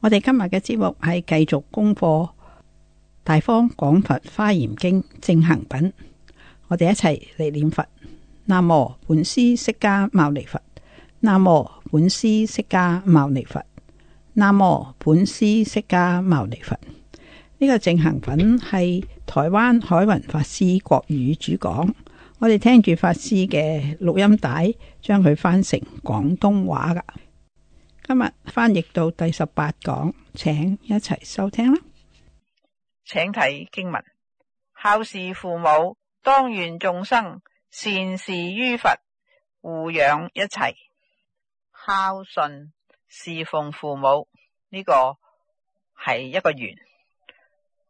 我哋今日嘅節目係繼續功課《大方廣佛花嚴經正行品》，我哋一齊嚟念佛。南無本師釋迦牟尼佛，南無本師釋迦牟尼佛，南無本師釋迦牟尼佛。呢個正行品係台灣海雲法師國語主講，我哋聽住法師嘅錄音帶，將佢翻成廣東話噶。今日翻譯到第十八講，請一齊收聽啦，請睇經文，孝事父母，當願眾生，善事於佛，護養一切。孝順侍奉父母呢，這個係一個緣。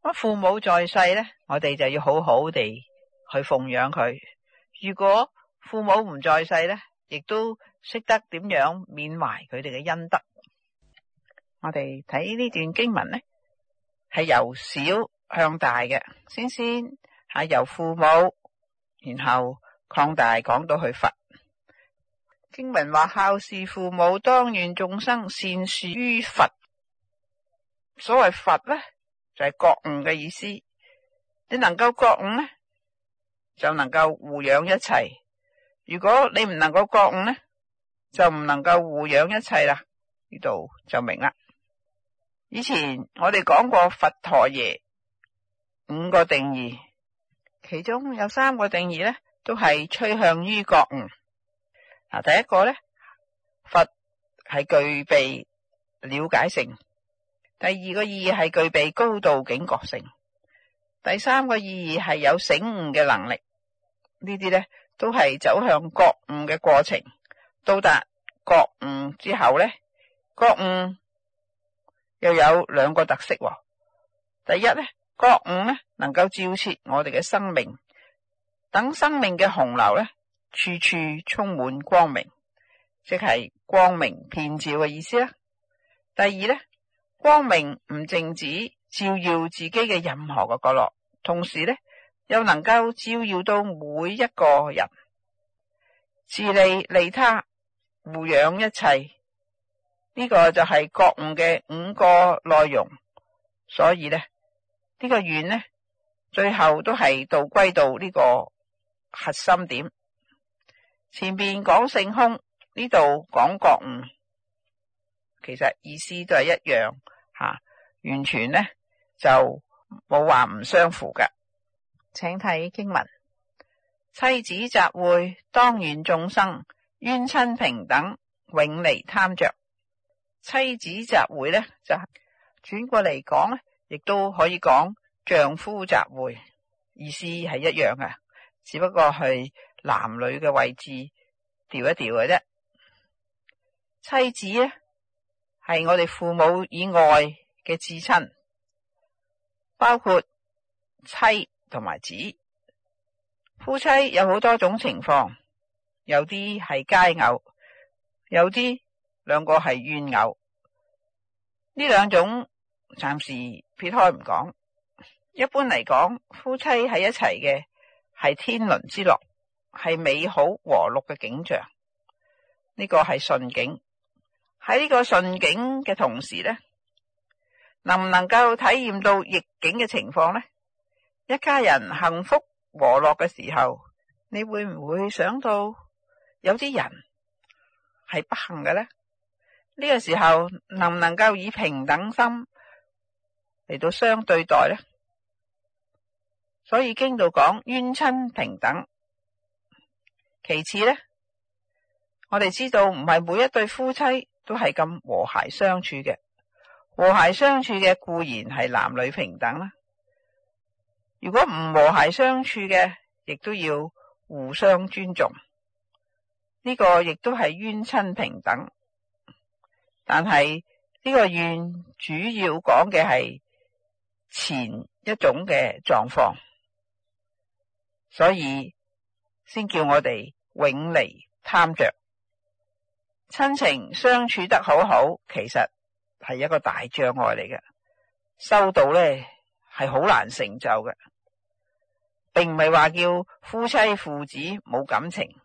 咁父母在世呢，我哋就要好好地去奉養佢。如果父母唔在世呢，」亦都識得點樣緬懷佢哋嘅恩德。我哋睇呢段經文咧，係由小向大嘅，先先係由父母，然後擴大講到去佛。經文話，孝事父母，當願眾生，善事於佛。所謂佛咧，就係覺悟嘅意思。你能夠覺悟咧，就能夠護養一切。如果你唔能夠覺悟呢，就唔能夠護養一切啦。呢度就明啦。以前我哋講過佛陀耶五個定義，其中有三個定義呢都係趨向於覺悟。嗱，第一個呢，佛係具備了解性；第二個意義係具備高度警覺性；第三個意義係有醒悟嘅能力。呢啲呢。都係走向覺悟嘅過程，到達覺悟之後咧，覺悟又有兩個特色哦。第一咧，覺悟咧能夠照徹我哋嘅生命，等生命嘅洪流咧，處處充滿光明，即係光明遍照嘅意思啦。第二咧，光明唔淨止照耀自己嘅任何嘅角落，同時咧。又能夠照耀到每一個人，自利利他，護養一切。呢、這個就係覺悟嘅五個內容。所以咧，這個、呢個願咧，最後都係導歸到呢個核心點。前邊講性空，呢度講覺悟，其實意思都係一樣吓，完全咧就冇話唔相符㗎。請睇經文：妻子集會當願眾生冤親平等永離貪着。妻子集會呢，就係轉過嚟講，亦都可以講丈夫集會，意思係一樣啊，只不過係男女嘅位置調一調嘅啫。妻子呢，係我哋父母以外嘅至親，包括妻。同埋子，夫妻有好多種情況，有啲係佳偶，有啲兩個係怨偶。呢兩種暫時撇開唔講。一般嚟講，夫妻喺一齊嘅係天倫之樂，係美好和樂嘅景象。呢、這個係順境。喺呢個順境嘅同時呢，能唔能夠體驗到逆境嘅情況呢？一家人幸福和樂嘅時候，你會唔會想到有啲人係不幸嘅呢？呢個時候能唔能夠以平等心嚟到相對待呢？所以經度講冤親平等。其次呢，我哋知道唔係每一對夫妻都係咁和諧相處嘅。和諧相處嘅固然係男女平等啦。如果唔和諧相處嘅，亦都要互相尊重。呢、這個亦都係冤親平等，但係呢、這個冤主要講嘅係前一種嘅狀況，所以先叫我哋永離貪着。親情相處得好好，其實係一個大障礙嚟嘅，收到呢。係好難成就嘅，並唔係話叫夫妻父子冇感情，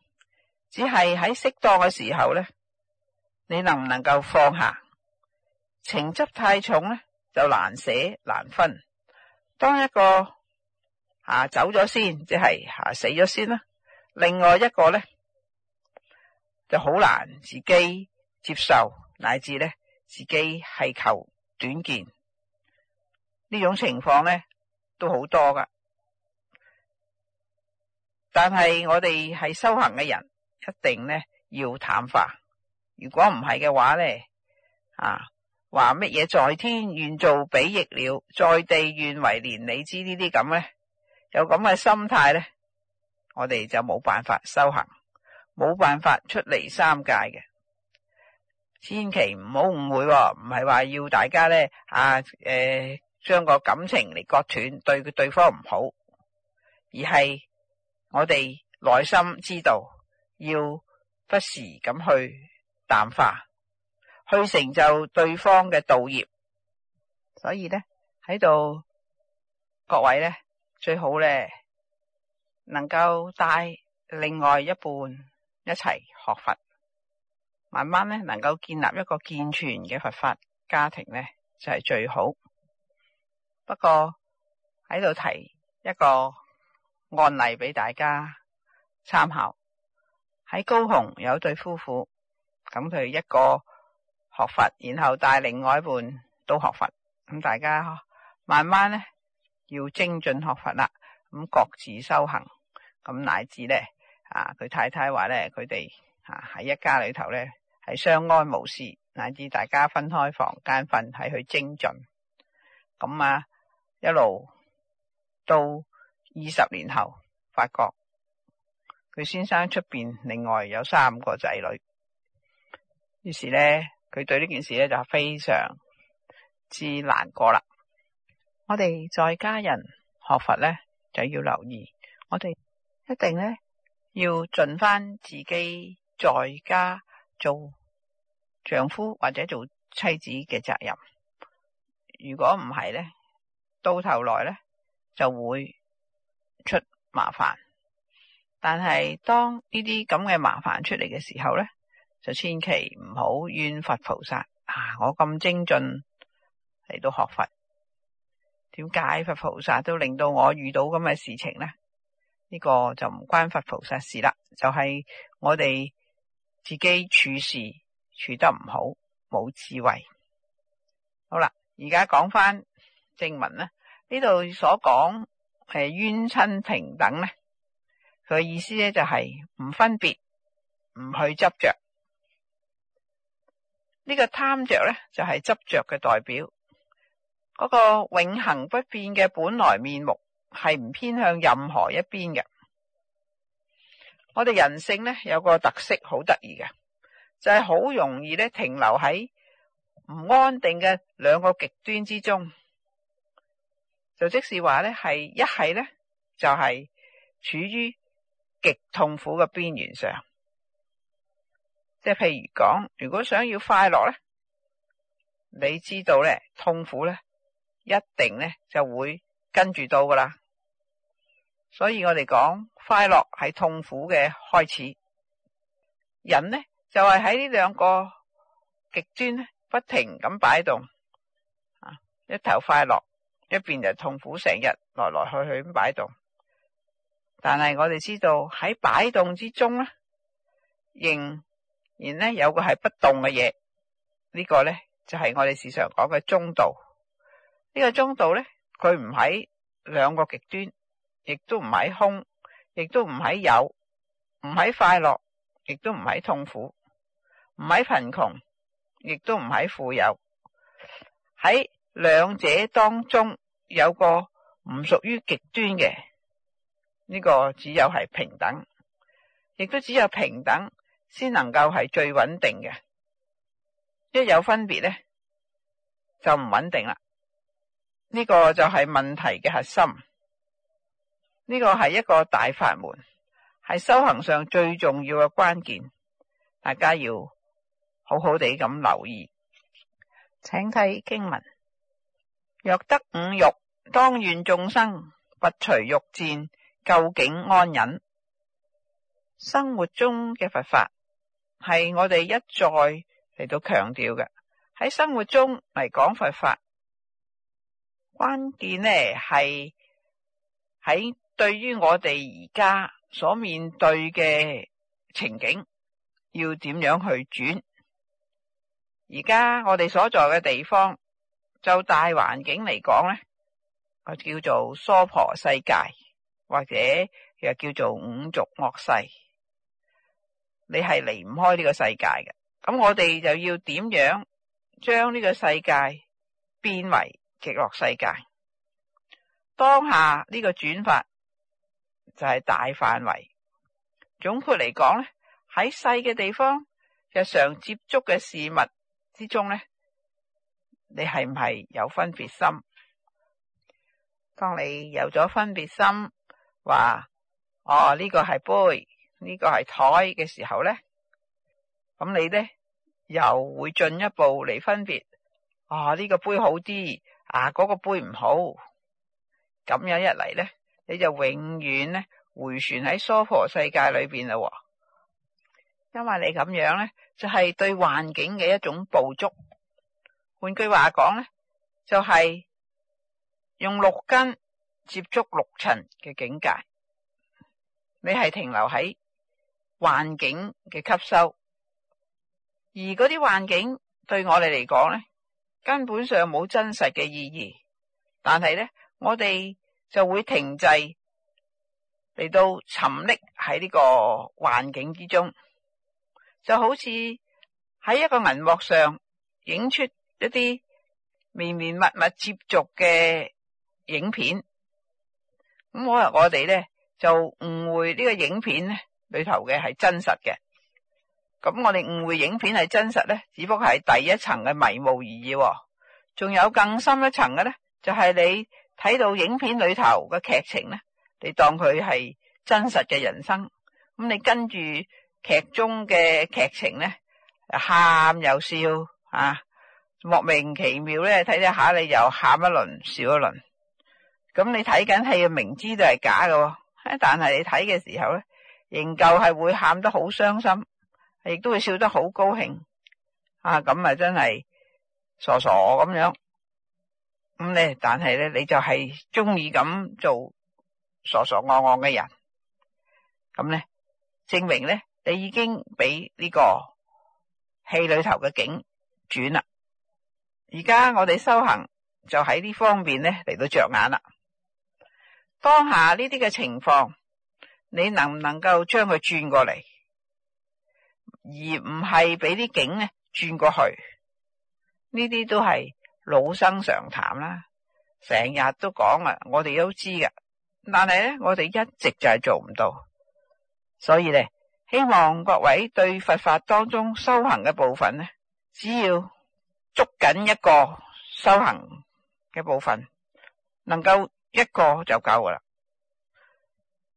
只係喺適當嘅時候咧，你能唔能夠放下？情執太重咧，就難捨難分。當一個吓、啊、走咗先，即係吓死咗先啦，另外一個咧就好難自己接受，乃至咧自己係求短見。呢種情況呢都好多噶，但係我哋係修行嘅人，一定呢要淡化。如果唔係嘅話呢，啊話乜嘢在天願做比翼鳥，在地願為連理枝呢啲咁呢，有咁嘅心態呢，我哋就冇辦法修行，冇辦法出離三界嘅。千祈唔好誤會、哦，唔係話要大家呢。啊，誒、呃。將個感情嚟割斷，對對方唔好，而係我哋內心知道要不時咁去淡化，去成就對方嘅道業。所以呢，喺度，各位呢，最好咧能夠帶另外一半一齊學佛，慢慢咧能夠建立一個健全嘅佛法家庭呢就係最好。不過喺度提一個案例俾大家參考。喺高雄有一對夫婦，咁佢一個學佛，然後帶另外一半都學佛。咁大家慢慢咧要精進學佛啦。咁各自修行，咁乃至咧啊，佢太太話咧，佢哋啊喺一家裏頭咧係相安無事，乃至大家分開房間瞓，喺去精進。咁啊～一路到二十年後，發覺佢先生出邊另外有三個仔女，於是呢，佢對呢件事呢就非常之難過啦。我哋在家人學佛呢，就要留意，我哋一定呢，要盡翻，自己在家做丈夫或者做妻子嘅責任。如果唔係呢，到頭來呢就會出麻煩，但係當呢啲咁嘅麻煩出嚟嘅時候呢，就千祈唔好怨佛菩薩啊！我咁精進嚟到學佛，點解佛菩薩都令到我遇到咁嘅事情呢？呢個就唔關佛菩薩事啦，就係我哋自己處事處得唔好，冇智慧。好啦，而家講翻。正文咧，呢度所講係冤親平等咧，佢嘅意思咧，就係唔分別，唔去執着呢、這個貪着咧，就係、是、執着嘅代表嗰、那個永恒不變嘅本來面目係唔偏向任何一邊嘅。我哋人性咧，有個特色好得意嘅，就係、是、好容易咧，停留喺唔安定嘅兩個極端之中。就即是話咧，係一係咧，就係處於極痛苦嘅邊緣上。即係譬如講，如果想要快樂咧，你知道咧，痛苦咧，一定咧就會跟住到噶啦。所以我哋講，快樂係痛苦嘅開始。人呢就係喺呢兩個極端不停咁擺動，啊，一頭快樂。一邊就痛苦，成日來來去去咁擺動，但係我哋知道喺擺動之中咧，仍然咧有個係不動嘅嘢，這個、呢個咧就係、是、我哋時常講嘅中道。呢、這個中道咧，佢唔喺兩個極端，亦都唔喺空，亦都唔喺有，唔喺快樂，亦都唔喺痛苦，唔喺貧窮，亦都唔喺富有，喺。兩者當中有個唔屬於極端嘅，呢個只有係平等，亦都只有平等先能夠係最穩定嘅。一有分別呢，就唔穩定啦。呢個就係問題嘅核心，呢個係一個大法門，係修行上最重要嘅關鍵。大家要好好地咁留意，請睇經文。若得五欲，當願眾生，拔除欲戰，究竟安忍。生活中嘅佛法係我哋一再嚟到強調嘅。喺生活中嚟講佛法，關鍵呢係喺對於我哋而家所面對嘅情景，要點樣去轉。而家我哋所在嘅地方。就大環境嚟講咧，我叫做娑婆世界，或者又叫做五濁惡世，你係離唔開呢個世界嘅。咁我哋就要點樣將呢個世界變為極樂世界？當下呢個轉法就係大範圍。總括嚟講咧，喺細嘅地方，日常接觸嘅事物之中咧。你係唔係有分別心？當你有咗分別心，話我呢個係杯，呢、這個係台嘅時候咧，咁你咧又會進一步嚟分別啊？呢、哦這個杯好啲啊，嗰、那個杯唔好。咁樣一嚟咧，你就永遠咧回旋喺娑婆世界裏邊啦、哦。因為你咁樣咧，就係、是、對環境嘅一種捕捉。換句話講咧，就係用六根接觸六塵嘅境界，你係停留喺環境嘅吸收，而嗰啲環境對我哋嚟講咧，根本上冇真實嘅意義。但係咧，我哋就會停滯嚟到沉溺喺呢個環境之中，就好似喺一個銀幕上影出。一啲綿綿密密接續嘅影片，咁可能我哋咧就誤會呢個影片咧裏頭嘅係真實嘅。咁我哋誤會影片係真實咧，只不過係第一層嘅迷霧而已。仲有更深一層嘅咧，就係、是、你睇到影片裏頭嘅劇情咧，你當佢係真實嘅人生，咁你跟住劇中嘅劇情咧，喊又笑啊！莫名其妙咧，睇睇下你又喊一輪，笑一輪，咁你睇緊戲明知都係假嘅，但係你睇嘅時候咧，仍舊係會喊得好傷心，亦都會笑得好高興，啊咁啊真係傻傻咁樣，咁咧但係咧你就係中意咁做傻傻戇戇嘅人，咁咧證明咧你已經俾呢個戲裏頭嘅景轉啦。而家我哋修行就喺呢方面呢嚟到着眼啦。當下呢啲嘅情況，你能唔能夠將佢轉過嚟，而唔係俾啲景呢轉過去？呢啲都係老生常談啦，成日都講啊，我哋都知㗎。但係呢，我哋一直就係做唔到，所以呢，希望各位對佛法當中修行嘅部分呢，只要。捉緊一個修行嘅部分，能夠一個就夠噶啦。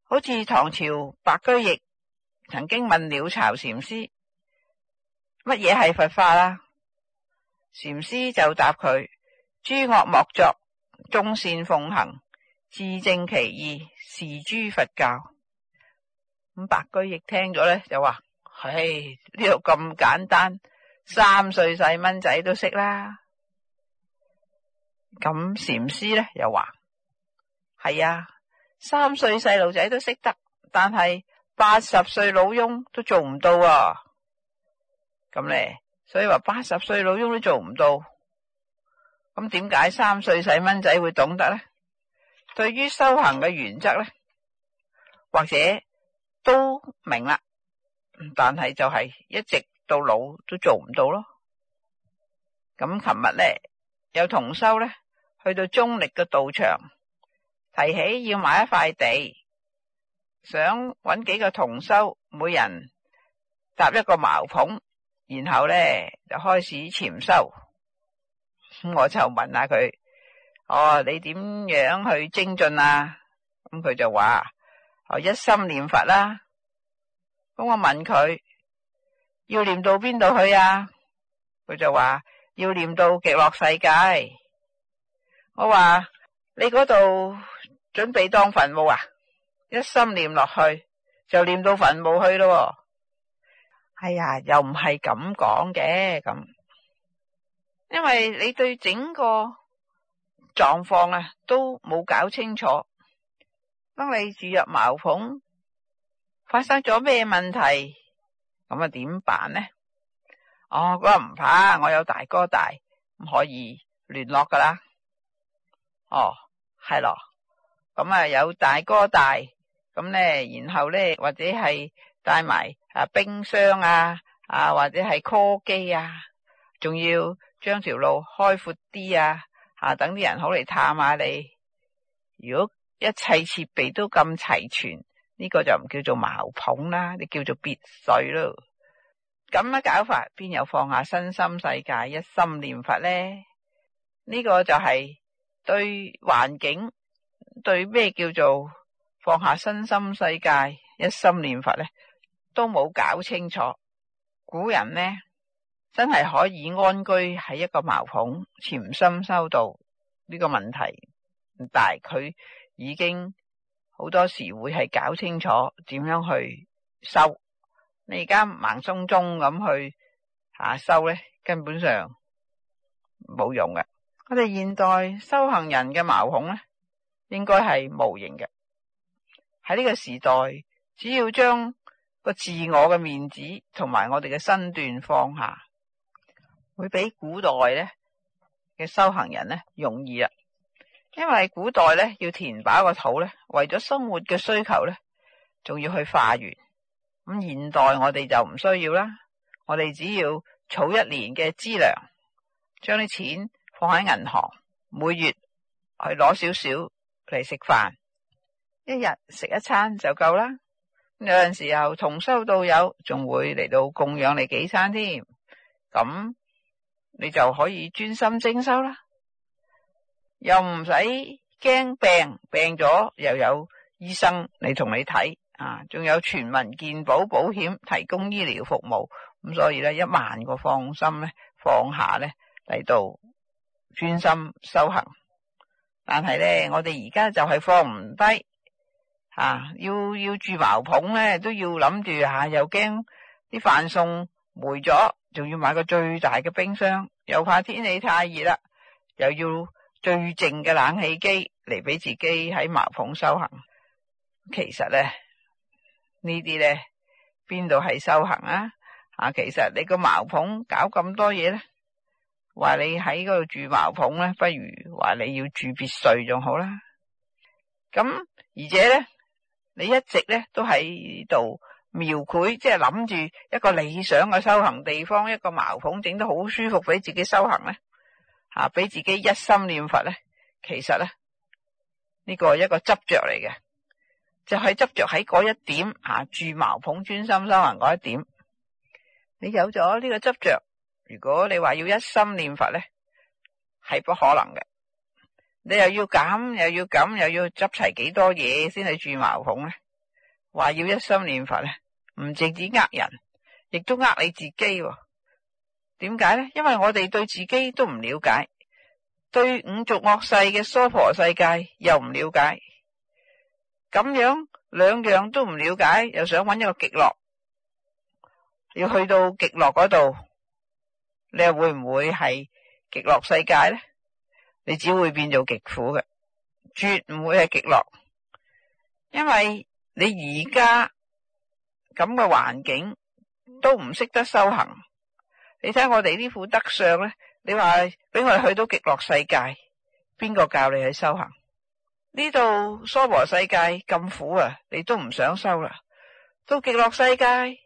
好似唐朝白居易曾經問鳥巢禪師：乜嘢係佛法啊？禪師就答佢：諸惡莫作，眾善奉行，自淨其意，是諸佛教。咁白居易聽咗咧，就話：唉，呢度咁簡單。三歲細蚊仔都識啦，咁禪師呢？又話：係啊，三歲細路仔都識得，但係八十歲老翁都做唔到啊！咁咧，所以話八十歲老翁都做唔到，咁點解三歲細蚊仔會懂得呢？對於修行嘅原則呢，或者都明啦，但係就係一直。到老都做唔到咯。咁琴日咧有同修咧去到中力嘅道場，提起要買一塊地，想搵幾個同修，每人搭一個茅棚，然後咧就開始潛修。咁我就問下佢：，哦，你點樣去精進啊？咁佢就話：，我一心念佛啦、啊。咁我問佢。要念到邊度去啊？佢就話要念到極樂世界。我話你嗰度準備當墳墓啊？一心念落去就念到墳墓去咯、啊。哎呀，又唔係咁講嘅，咁因為你對整個狀況啊都冇搞清楚，當你住入茅蓬，發生咗咩問題？咁啊，點辦呢？哦，佢話唔怕，我有大哥大，可以聯絡噶啦。哦，係咯。咁啊，有大哥大，咁咧，然後咧，或者係帶埋啊冰箱啊，啊或者係 call 機啊，仲要將條路開闊啲啊，啊等啲人好嚟探下你。如果一切設備都咁齊全。呢個就唔叫做茅棚啦，你叫做別墅咯。咁樣搞法，邊有放下身心世界一心念佛呢？呢個就係對環境，對咩叫做放下身心世界一心念佛呢？都冇搞清楚。古人呢，真係可以安居喺一個茅棚，潛心修道呢個問題，但係，佢已經。好多時會係搞清楚點樣去修，你而家盲鬆鬆咁去吓修咧，根本上冇用嘅。我哋現代修行人嘅毛孔咧，應該係無形嘅。喺呢個時代，只要將個自我嘅面子同埋我哋嘅身段放下，會比古代咧嘅修行人咧容易啊！因為古代咧要填飽個肚咧，為咗生活嘅需求咧，仲要去化緣。咁現代我哋就唔需要啦，我哋只要儲一年嘅資糧，將啲錢放喺銀行，每月去攞少少嚟食飯，一日食一餐就夠啦。有陣時候從收到有，仲會嚟到供養你幾餐添，咁你就可以專心徵修啦。又唔使驚病，病咗又有醫生嚟同你睇啊！仲有全民健保保險提供醫療服務，咁、啊、所以咧一萬個放心咧放下咧嚟到專心修行。但係咧，我哋而家就係放唔低吓，要要住茅棚咧都要諗住吓，又驚啲飯餸霉咗，仲要買個最大嘅冰箱，又怕天氣太熱啦，又要。最靜嘅冷氣機嚟俾自己喺茅棚修行，其實咧呢啲咧邊度係修行啊？啊，其實你個茅棚搞咁多嘢咧，話你喺嗰度住茅棚咧，不如話你要住別墅仲好啦。咁而且咧，你一直咧都喺度描繪，即係諗住一個理想嘅修行地方，一個茅棚整得好舒服，俾自己修行咧。啊！俾自己一心念佛咧，其實咧呢、這個係一個執着嚟嘅，就係、是、執着喺嗰一點啊，住茅棚專心修行嗰一點。你有咗呢個執着，如果你話要一心念佛咧，係不可能嘅。你又要減，又要減，又要執齊幾多嘢先去住茅棚咧？話要一心念佛咧，唔淨止呃人，亦都呃你自己喎、哦。點解咧？因為我哋對自己都唔了解，對五族惡世嘅娑婆世界又唔了解，咁樣兩樣都唔了解，又想揾一個極樂，要去到極樂嗰度，你又會唔會係極樂世界咧？你只會變做極苦嘅，絕唔會係極樂，因為你而家咁嘅環境都唔識得修行。你睇我哋呢款德相咧，你話俾我哋去到極樂世界，邊個教你去修行？呢度娑婆世界咁苦啊，你都唔想修啦。到極樂世界，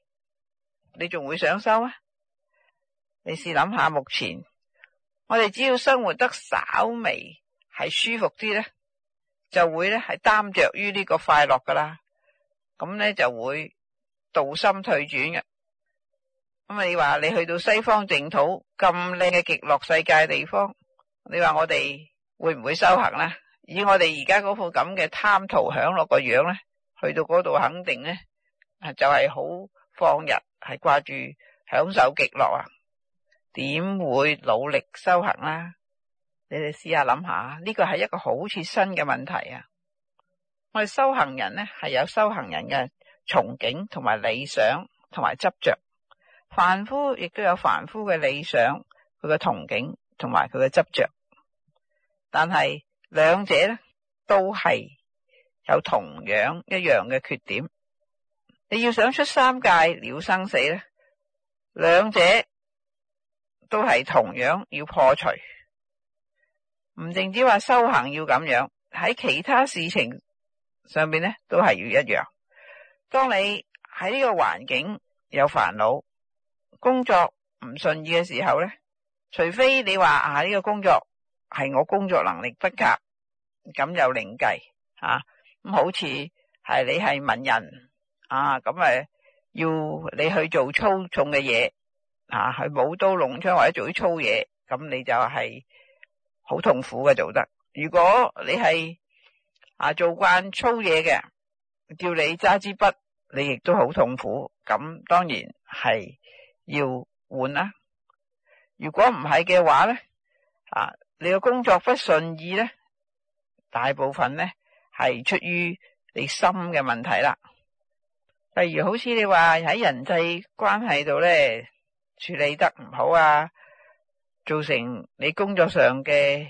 你仲會想修咩？你試諗下，目前我哋只要生活得稍微係舒服啲咧，就會咧係擔着於呢個快樂噶啦。咁咧就會道心退轉嘅。咁你話你去到西方淨土咁靚嘅極樂世界地方，你話我哋會唔會修行呢？以我哋而家嗰副咁嘅貪圖享樂個樣呢，去到嗰度肯定呢，就係、是、好放日，係掛住享受極樂啊，點會努力修行呢？你哋試下諗下，呢、這個係一個好切身嘅問題啊！我哋修行人呢，係有修行人嘅憧憬同埋理想同埋執着。凡夫亦都有凡夫嘅理想，佢嘅憧憬同埋佢嘅執着。但係兩者咧都係有同樣一樣嘅缺點。你要想出三界了生死咧，兩者都係同樣要破除。唔淨止話修行要咁樣，喺其他事情上面咧都係要一樣。當你喺呢個環境有煩惱。工作唔順意嘅時候咧，除非你話啊呢、這個工作係我工作能力不及，咁又另計吓。咁、啊、好似係你係文人啊，咁、啊、誒要你去做粗重嘅嘢，啊，去舞刀弄槍或者做啲粗嘢，咁你就係好痛苦嘅做得。如果你係啊做慣粗嘢嘅，叫你揸支筆，你亦都好痛苦。咁當然係。要換啦、啊，如果唔係嘅話咧，啊，你個工作不順意咧，大部分咧係出於你心嘅問題啦。例如好似你話喺人際關係度咧處理得唔好啊，造成你工作上嘅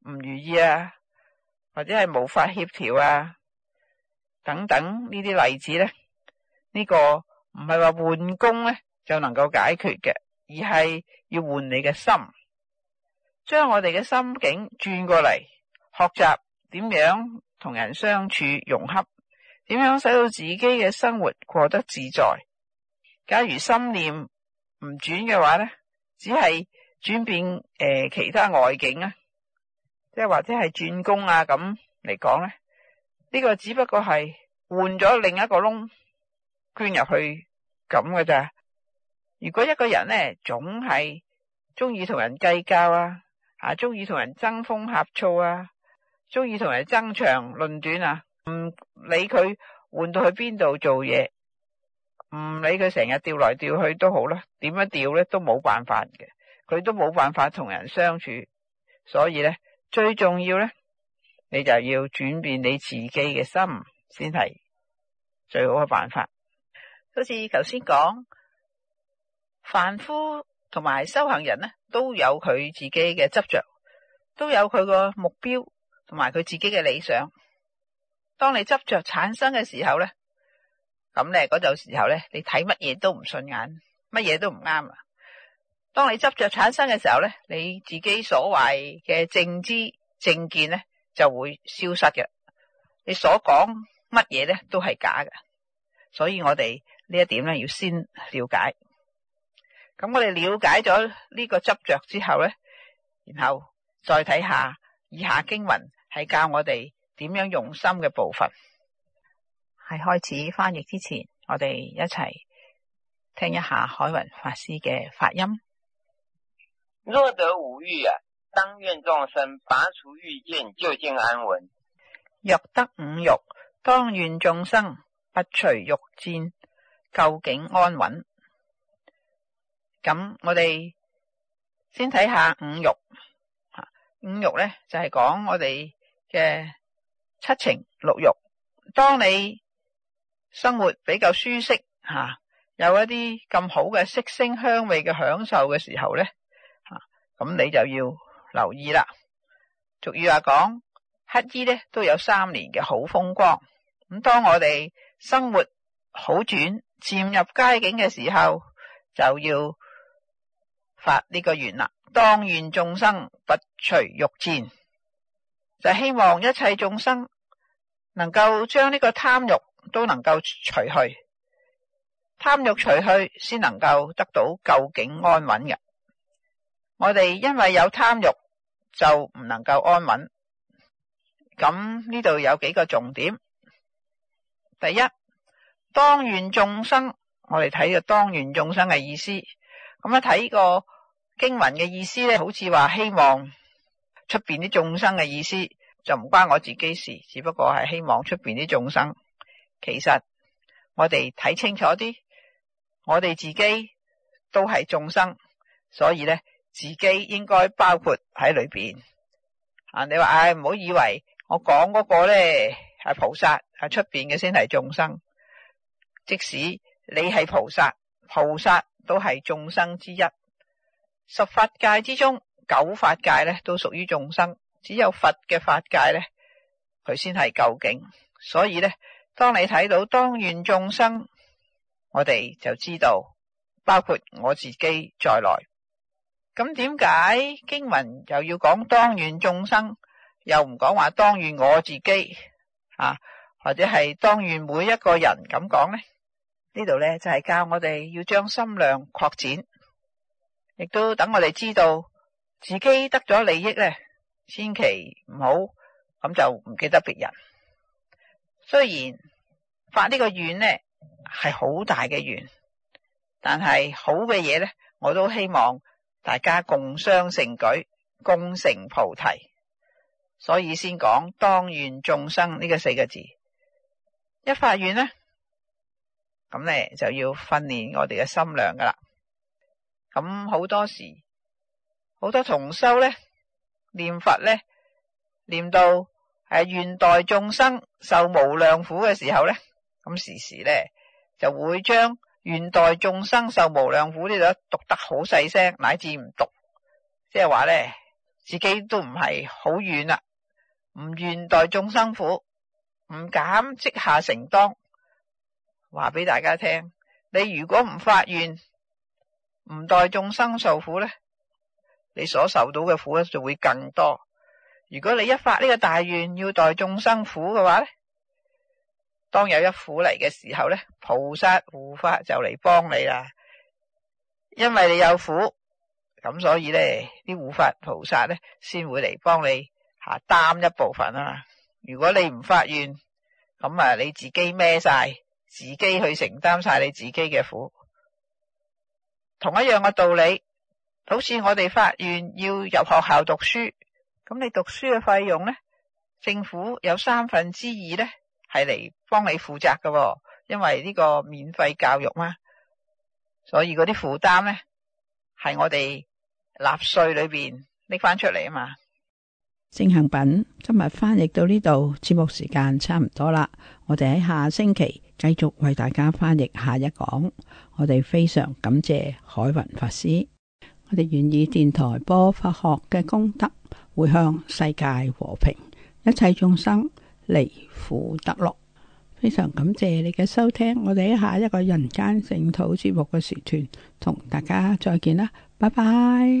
唔如意啊，或者係無法協調啊，等等呢啲例子咧，這個、呢個唔係話換工咧，就能夠解決嘅，而係要換你嘅心，將我哋嘅心境轉過嚟，學習點樣同人相處融洽，點樣使到自己嘅生活過得自在。假如心念唔轉嘅話咧，只係轉變誒、呃、其他外境啊，即係或者係轉工啊，咁嚟講咧，呢、呢個只不過係換咗另一個窿捐入去咁嘅咋。如果一個人咧，總係中意同人計較啊，吓中意同人爭風呷醋啊，中意同人爭長論短啊，唔理佢換到去邊度做嘢，唔理佢成日調來調去都好啦、啊，點樣調咧都冇辦法嘅，佢都冇辦法同人相處。所以咧，最重要咧，你就要轉變你自己嘅心先係最好嘅辦法，好似頭先講。凡夫同埋修行人咧，都有佢自己嘅執着，都有佢個目標同埋佢自己嘅理想。當你執着產生嘅時候咧，咁咧嗰陣時候咧，你睇乜嘢都唔順眼，乜嘢都唔啱啦。當你執着產生嘅時候咧，你自己所謂嘅正知正見咧就會消失嘅。你所講乜嘢咧都係假嘅，所以我哋呢一點咧要先了解。咁我哋了解咗呢個執着之後咧，然後再睇下《以下經文》係教我哋點樣用心嘅部分。係開始翻譯之前，我哋一齊聽一下海雲法師嘅發音。若得五欲啊，當願眾生拔除欲箭，究竟安穩；若得五欲，當願眾生不隨欲箭，究竟安穩。咁我哋先睇下五欲，五欲咧就係、是、講我哋嘅七情六欲。當你生活比較舒適吓、啊，有一啲咁好嘅色聲香味嘅享受嘅時候咧，咁、啊、你就要留意啦。俗語話講，乞衣咧都有三年嘅好風光。咁當我哋生活好轉，漸入佳境嘅時候，就要。發呢個願啦，當願眾生不除欲箭，就希望一切眾生能夠將呢個貪欲都能夠除去，貪欲除去先能夠得到究竟安穩嘅。我哋因為有貪欲就唔能夠安穩。咁呢度有幾個重點，第一，當願眾生，我哋睇個當願眾生嘅意思，咁啊睇個。經文嘅意思咧，好似話希望出邊啲眾生嘅意思就唔關我自己事，只不過係希望出邊啲眾生。其實我哋睇清楚啲，我哋自己都係眾生，所以咧自己應該包括喺裏邊。啊，你話唉，唔好以為我講個咧係菩薩，係出邊嘅先係眾生。即使你係菩薩，菩薩都係眾生之一。十法界之中，九法界咧都屬於眾生，只有佛嘅法界咧，佢先係究竟。所以咧，當你睇到當願眾生，我哋就知道，包括我自己在內。咁點解經文又要講當願眾生，又唔講話當願我自己啊？或者係當願每一個人咁講咧？呢度咧就係教我哋要將心量擴展。亦都等我哋知道自己得咗利益咧，千祈唔好咁就唔記得別人。雖然發呢個願咧係好大嘅願，但係好嘅嘢咧，我都希望大家共襄盛舉，共成菩提。所以先講當願眾生呢個四個字，一發願咧，咁咧就要訓練我哋嘅心量㗎喇。咁好多時，好多同修咧，念佛咧，念到係願代眾生受無量苦嘅時候咧，咁時時咧就會將願代眾生受無量苦呢度讀得好細聲，乃至唔讀，即係話咧自己都唔係好遠啦，唔願代眾生苦，唔敢即下承當，話俾大家聽，你如果唔發願。唔代眾生受苦咧，你所受到嘅苦咧就會更多。如果你一發呢個大願要代眾生苦嘅話咧，當有一苦嚟嘅時候咧，菩薩護法就嚟幫你啦。因為你有苦，咁所以咧啲護法菩薩咧先會嚟幫你吓擔一部分啊。如果你唔發願，咁啊你自己孭晒，自己去承擔晒你自己嘅苦。同一樣嘅道理，好似我哋發願要入學校讀書，咁你讀書嘅費用呢，政府有三分之二呢係嚟幫你負責嘅、哦，因為呢個免費教育嘛，所以嗰啲負擔呢係我哋納稅裏邊拎翻出嚟啊嘛。正行品，今日翻譯到呢度，節目時間差唔多啦，我哋喺下星期。繼續為大家翻譯下一講，我哋非常感謝海雲法師，我哋願意電台播法學嘅功德，會向世界和平、一切眾生離苦得樂。非常感謝你嘅收聽，我哋喺下一個人間淨土節目嘅時段同大家再見啦，拜拜。